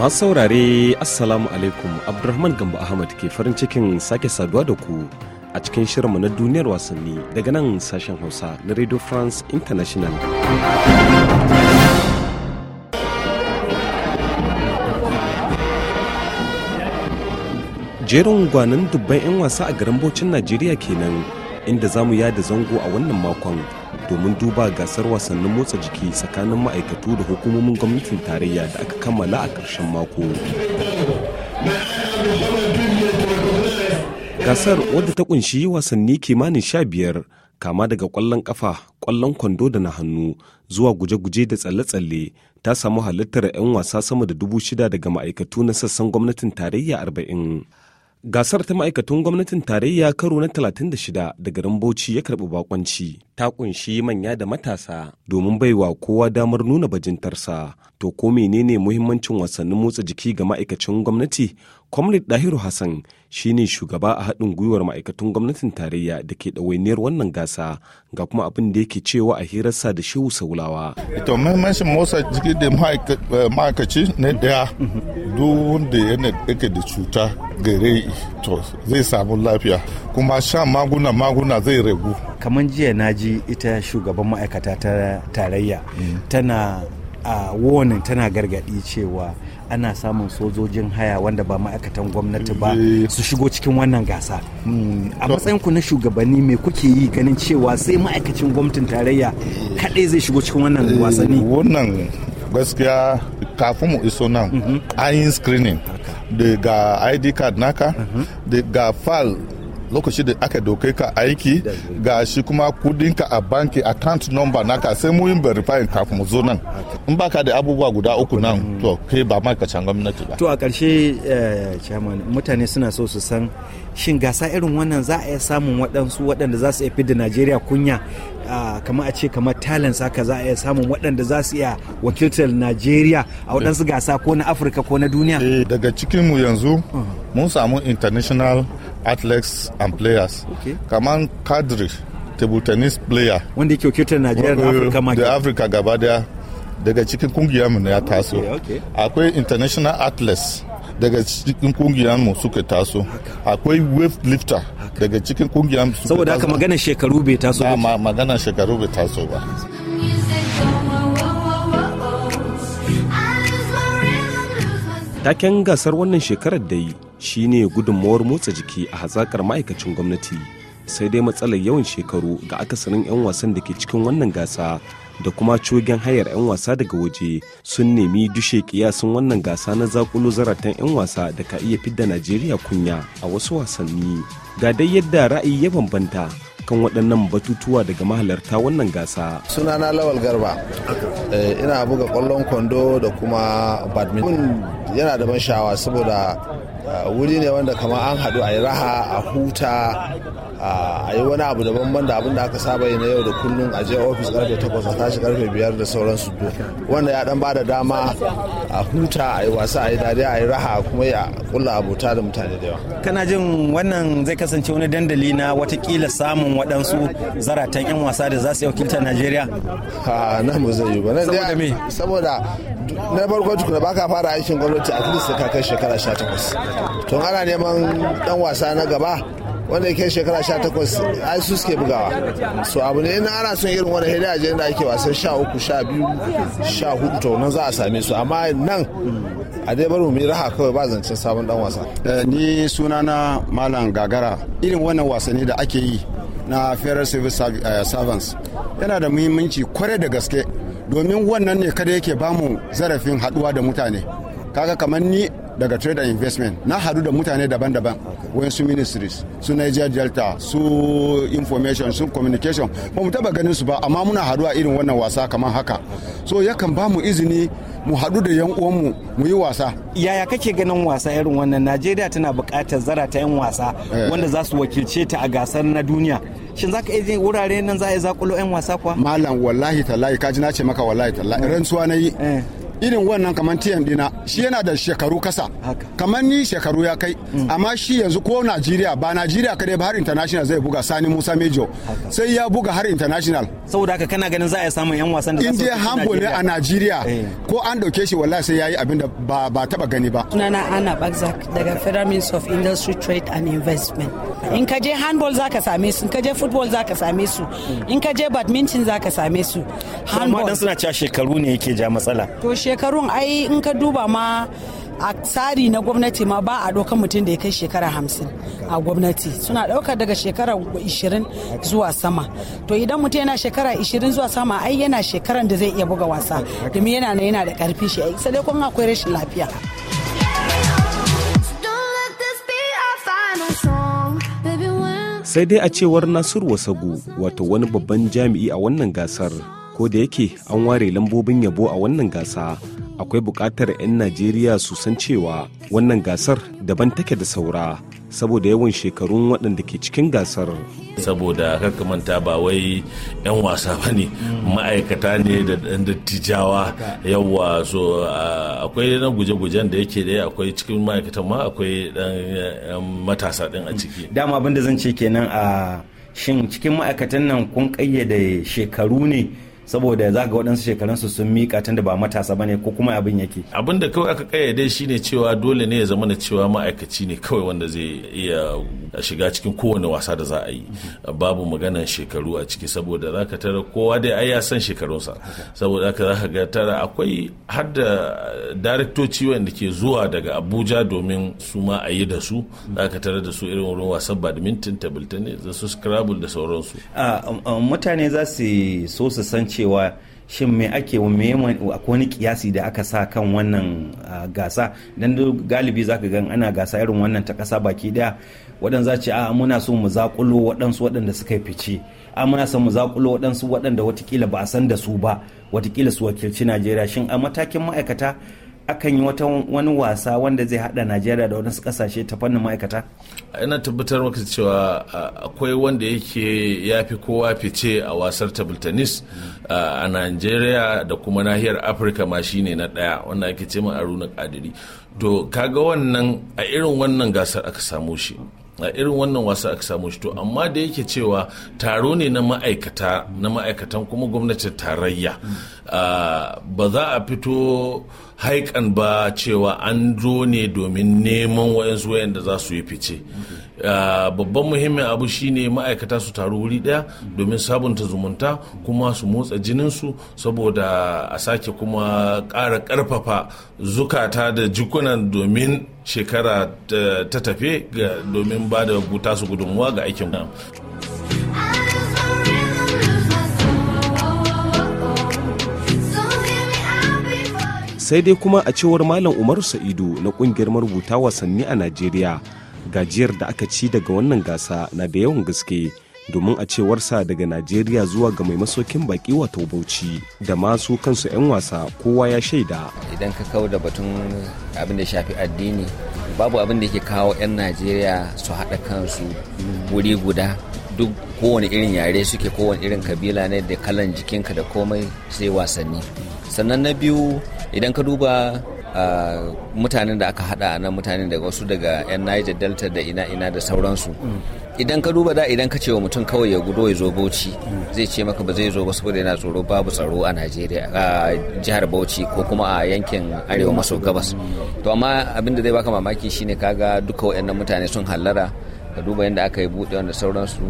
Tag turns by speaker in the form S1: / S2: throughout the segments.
S1: masu saurare assalamu alaikum abdulrahman gamba ahmad ke farin cikin sake saduwa da ku a cikin shirinmu na duniyar wasanni daga nan sashen hausa na radio france international jerin gwanin dubban 'yan wasa a garin bocin najeriya kenan inda zamu yada zango a wannan makon domin duba gasar wasannin motsa jiki tsakanin ma'aikatu da hukumomin gwamnatin tarayya da aka kammala a ƙarshen mako gasar wadda ta kunshi wasanni kimanin sha biyar kama daga kwallon kafa kwallon kwando da na hannu zuwa guje-guje da tsalle-tsalle ta samu halittar 'yan wasa sama da dubu shida daga ma'aikatu na sassan gwamnatin tarayya arba'in. Gasar ta ma'aikatan gwamnatin tarayya karo na 36 da garin Bauchi ya karɓi bakonci ta kunshi manya da matasa domin baiwa kowa damar nuna bajintarsa. To ko menene muhimmancin wasannin motsa jiki ga ma'aikacin gwamnati Kwamnit Dahiru Hassan shi ne shugaba a haɗin gwiwar ma'aikatan gwamnatin tarayya da ke ɗawainiyar wannan gasa ga kuma abin da yake cewa a hirarsa da shehu saulawa. Ito mahimmancin motsa jiki da ma'aikaci na ɗaya
S2: duk wanda yana ɗaga da cuta gare to zai samu lafiya
S3: kuma sha maguna maguna zai ragu. Kamar jiya na ji ita shugaban ma'aikata ta tarayya mm. tana a warning tana gargaɗi cewa ana samun sojojin haya wanda ba ma'aikatan gwamnati ba eh. su shigo cikin wannan gasa hmm. a matsayin ku na shugabanni me kuke yi ganin cewa sai ma'aikacin gwamnatin tarayya eh. kaɗai zai shigo cikin wannan eh, wasanni
S2: wannan
S3: gaskiya kafin mu iso nan
S2: mhm. an yi screening daga id card naka mhm. daga file lokaci da aka dokai ka aiki ga shi kuma kudinka a banki account number naka sai mu yin verifying kafin mu zo nan in baka da abubuwa guda uku nan to kai ba ma ka can gwamnati ba to
S3: a ƙarshe eh, chairman mutane suna so su san shin gasa irin wannan za a iya samun waɗansu waɗanda za su iya fidda Najeriya kunya kamar a ce kamar talent saka za a iya samun waɗanda za su iya wakiltar najeriya a waɗansu gasa ko na afirka ko na duniya eh, daga cikinmu yanzu uh-huh. mun samu international athletes
S2: and players kamar kadri table tennis player wanda yake wakiltar najeriya na afirka ma da afirka gaba daya daga cikin kungiyar ne ya taso akwai international athletes daga cikin kungiyar mu suka taso akwai wave lifter daga cikin kungiyar su saboda haka magana shekaru bai taso ba magana shekaru bai taso ba
S1: taken gasar wannan shekarar da yi shine gudunmawar motsa jiki a hazakar ma'aikacin gwamnati sai dai matsalar yawan shekaru ga akasarin 'yan wasan da ke cikin wannan gasa da kuma cogen hayar 'yan wasa daga waje sun nemi dushe kiyasin wannan gasa na zakulu zaratan 'yan wasa da ka iya fidda najeriya kunya a wasu wasanni ga dai yadda ra'ayi ya bambanta kan waɗannan batutuwa daga mahalarta wannan gasa.
S4: Sunana Lawal Garba, eh, ina buga kwallon kwando da kuma badminton yana da ban sha'awa saboda eh, wuri ne wanda kama an haɗu a yi raha a huta a yi wani abu daban ban da abin da aka saba yi na yau da kullum a je ofis karfe 8 a tashi karfe 5 da sauransu wanda ya dan ba da dama a huta a yi wasa a yi dariya a yi raha kuma ya kula abota da mutane da yawa
S3: kana jin wannan zai kasance wani dandali na watakila samun waɗansu zaratan 'yan wasa da za su yi wakiltar najeriya
S4: na mu zai yi ba saboda na farko tukuna baka fara aikin gwamnati a least ka kai shekara 18 to ana neman dan wasa na gaba wanda yake shekara sha takwas ai su suke bugawa so abu ne ina ana son irin wani hidaya ajiyar da ake wasan sha uku sha biyu sha hudu to nan za a same su amma nan a dai bari mu raha kawai ba zancen sabon dan wasa eh, ni sunana
S5: malam gagara irin wannan wasanni da ake yi na federal civil eh, servants yana da muhimmanci kwarai da gaske domin wannan ne kada yake bamu zarafin haduwa da mutane kaga kamar ni daga trade and investment na hadu da mutane daban-daban wayan su ministries su niger delta su information su communication ba mu taba ganin su ba amma muna a irin wannan wasa kamar haka so yakan ba mu izini mu haɗu da yan uwanmu mu yi wasa.
S3: Yaya kake ganin wasa irin wannan Najeriya tana buƙatar zara ta yan wasa eh. wanda za su wakilce ta a gasar na duniya. Shin za ka iya wurare nan za a yi zakulo yan wasa kuwa? Malam
S5: wallahi tallahi kaji na ce maka wallahi tallahi mm. rantsuwa na yi. Eh. irin wannan kamar tiyan dina shi yana da shekaru kasa kamar ni shekaru ya kai mm. amma shi yanzu ko najeriya ba najeriya kadai ba har international zai buga sani musa mejo sai ya buga har international
S3: saboda haka kana ganin za a samun yan wasan da za su ne a
S5: najeriya eh. ko an dauke shi wallahi sai yayi abin da ba taba gani ba sunana
S3: ana bagzak daga federal of industry trade and investment in ka je handball za ka same su in ka je football za ka same su in ka je badminton za ka same su handball dan suna cewa shekaru ne yake ja matsala to shekarun ai in ka duba ma a tsari na gwamnati ma ba a ɗaukar mutum da ya kai shekara hamsin a gwamnati suna ɗaukar daga shekara ishirin zuwa sama to idan mutum yana shekara ishirin zuwa sama ai yana shekaran da zai iya buga wasa domin yana yana da ƙarfin shi sai dai kuma akwai rashin lafiya
S1: sai dai a cewar nasiru wasagu wato wani babban jami'i a wannan gasar ko da yake an ware lambobin yabo a wannan gasa akwai buƙatar 'yan najeriya su san cewa wannan gasar daban take da saura saboda yawan shekarun waɗanda ke cikin gasar
S4: saboda manta ba wai 'yan wasa ba ne ma'aikata ne da ɗan dattijawa yawa so akwai na guje-gujen da yake da akwai cikin ma'aikatan ma akwai ɗan matasa ɗin a ciki dama abin
S3: da zan ce kenan a shin cikin ma'aikatan nan kun ƙayyade shekaru ne saboda za ga waɗansu shekarunsu sun miƙa tun da ba matasa bane ko kuma abin yake
S4: abin da kawai aka kayyade shine cewa dole ne ya zama na cewa ma'aikaci ne kawai wanda zai iya shiga cikin kowane wasa da za a yi babu magana shekaru a ciki saboda za ka tara kowa dai ai ya san shekarunsa saboda haka za ka ga tara akwai har da daraktoci wanda ke zuwa daga abuja domin su ma a yi da su za ka tara da su irin wurin wasan badminton table tennis da su scrabble da sauransu
S3: mutane za su so su san cewa shin me ake akwai wani kiyasi da aka sa kan wannan gasa don galibi zaka gan ana gasa irin wannan ta kasa baki daya waɗanda za ce a muna so mu zakulo waɗansu waɗanda suka fice a muna so mu zakulo waɗansu waɗanda watakila ba a san da su ba watakila su wakilci najeriya shin a matakin ma'aikata akan yi wata wani wasa wanda zai hada najeriya da wani kasashe ta fannin ma'aikata
S4: ina tabbatar maka cewa akwai wanda yake ya fi kowa fice a wasar table tennis a najeriya da kuma nahiyar afirka ma shine na daya wanda ake ce ma aruna kadiri to kaga wannan a irin wannan gasar aka samu shi a irin wannan wasa aka samu shi to amma da yake cewa taro ne na ma'aikata na ma'aikatan kuma gwamnatin tarayya mm. ba za a fito haikan ba cewa an zo ne domin neman wayansu wayanda za su yi fice mm. Eh, babban muhimmin abu shine ma'aikata su taru wuri daya domin sabunta zumunta kuma su motsa jinin su saboda a sake kuma kara ƙarfafa zukata da jikunan domin shekara ta tafe domin ba da su gudunmuwa ga aikin
S1: sai dai kuma a cewar malam umaru sa'idu na kungiyar marubuta wasanni a najeriya gajiyar da aka ci daga wannan gasa na da yawan gaske domin a cewarsa daga najeriya zuwa ga mai masaukin baki wato bauchi da masu kansu
S6: 'yan wasa kowa ya shaida idan ka kawo da batun abin da shafi addini babu abin da ke kawo 'yan najeriya su haɗa kansu wuri guda duk kowane irin yare suke kowane irin kabila ne da kalan jikinka da komai sai wasanni sannan na biyu idan ka duba mutanen da aka hada nan mutanen daga wasu daga yan niger delta da ina ina da sauransu idan ka duba da idan ka ce wa mutum kawai ya gudo ya zo bauchi zai ce maka ba zai zo ba saboda yana tsoro babu tsaro a najeriya a jihar bauchi ko kuma a yankin arewa maso gabas to amma abin da zai baka mamaki shine ga duka wayannan mutane sun hallara ka duba yadda aka yi buɗe wanda sauransu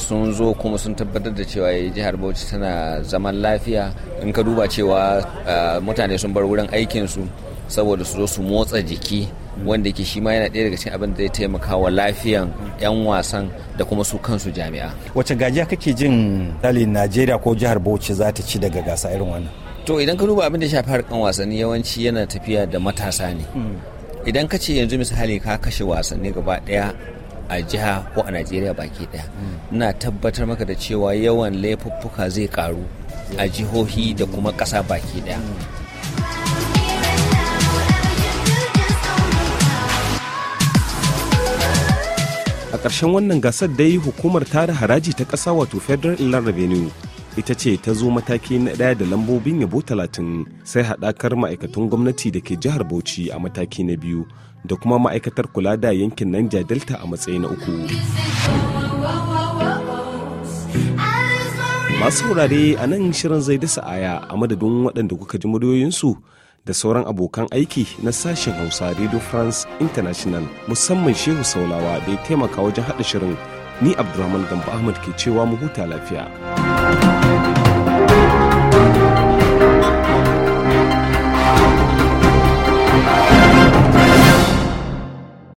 S6: sun zo kuma sun tabbatar da cewa eh, jihar bauchi tana zaman lafiya in ka duba cewa mutane sun bar wurin aikinsu saboda su zo su motsa jiki wanda ke shi ma yana ɗaya daga cikin abin da zai taimaka wa lafiyan 'yan wasan da kuma su kansu jami'a.
S3: Wace gajiya kake jin dalin Najeriya ko jihar Bauchi za ta ci daga gasa irin wannan?
S6: To idan ka duba abin da shafi harkan wasanni yawanci yana tafiya da matasa ne. Hmm. Idan ka ce yanzu misali ka kashe wasanni gaba ɗaya a jiha ko a Najeriya baki ɗaya. Hmm. Ina tabbatar maka da cewa yawan laifuffuka zai karu a jihohi da kuma ƙasa baki ɗaya. Hmm.
S1: ƙarshen wannan gasar dai hukumar tara haraji ta ƙasa wato federal inland revenue ita ce ta zo mataki na ɗaya da lambobin yabo talatin sai haɗakar ma'aikatan gwamnati da ke jihar bauchi a mataki na biyu da kuma ma'aikatar kula da yankin nanja delta a matsayi na uku masu wurare a nan shirin zai dasa aya a madadin waɗanda kuka ji muryoyinsu da sauran abokan aiki na sashen Hausa Radio France International musamman Shehu Saulawa da ya taimaka wajen haɗa shirin ni Abdulrahman Gamba Ahmad ke cewa mu huta lafiya.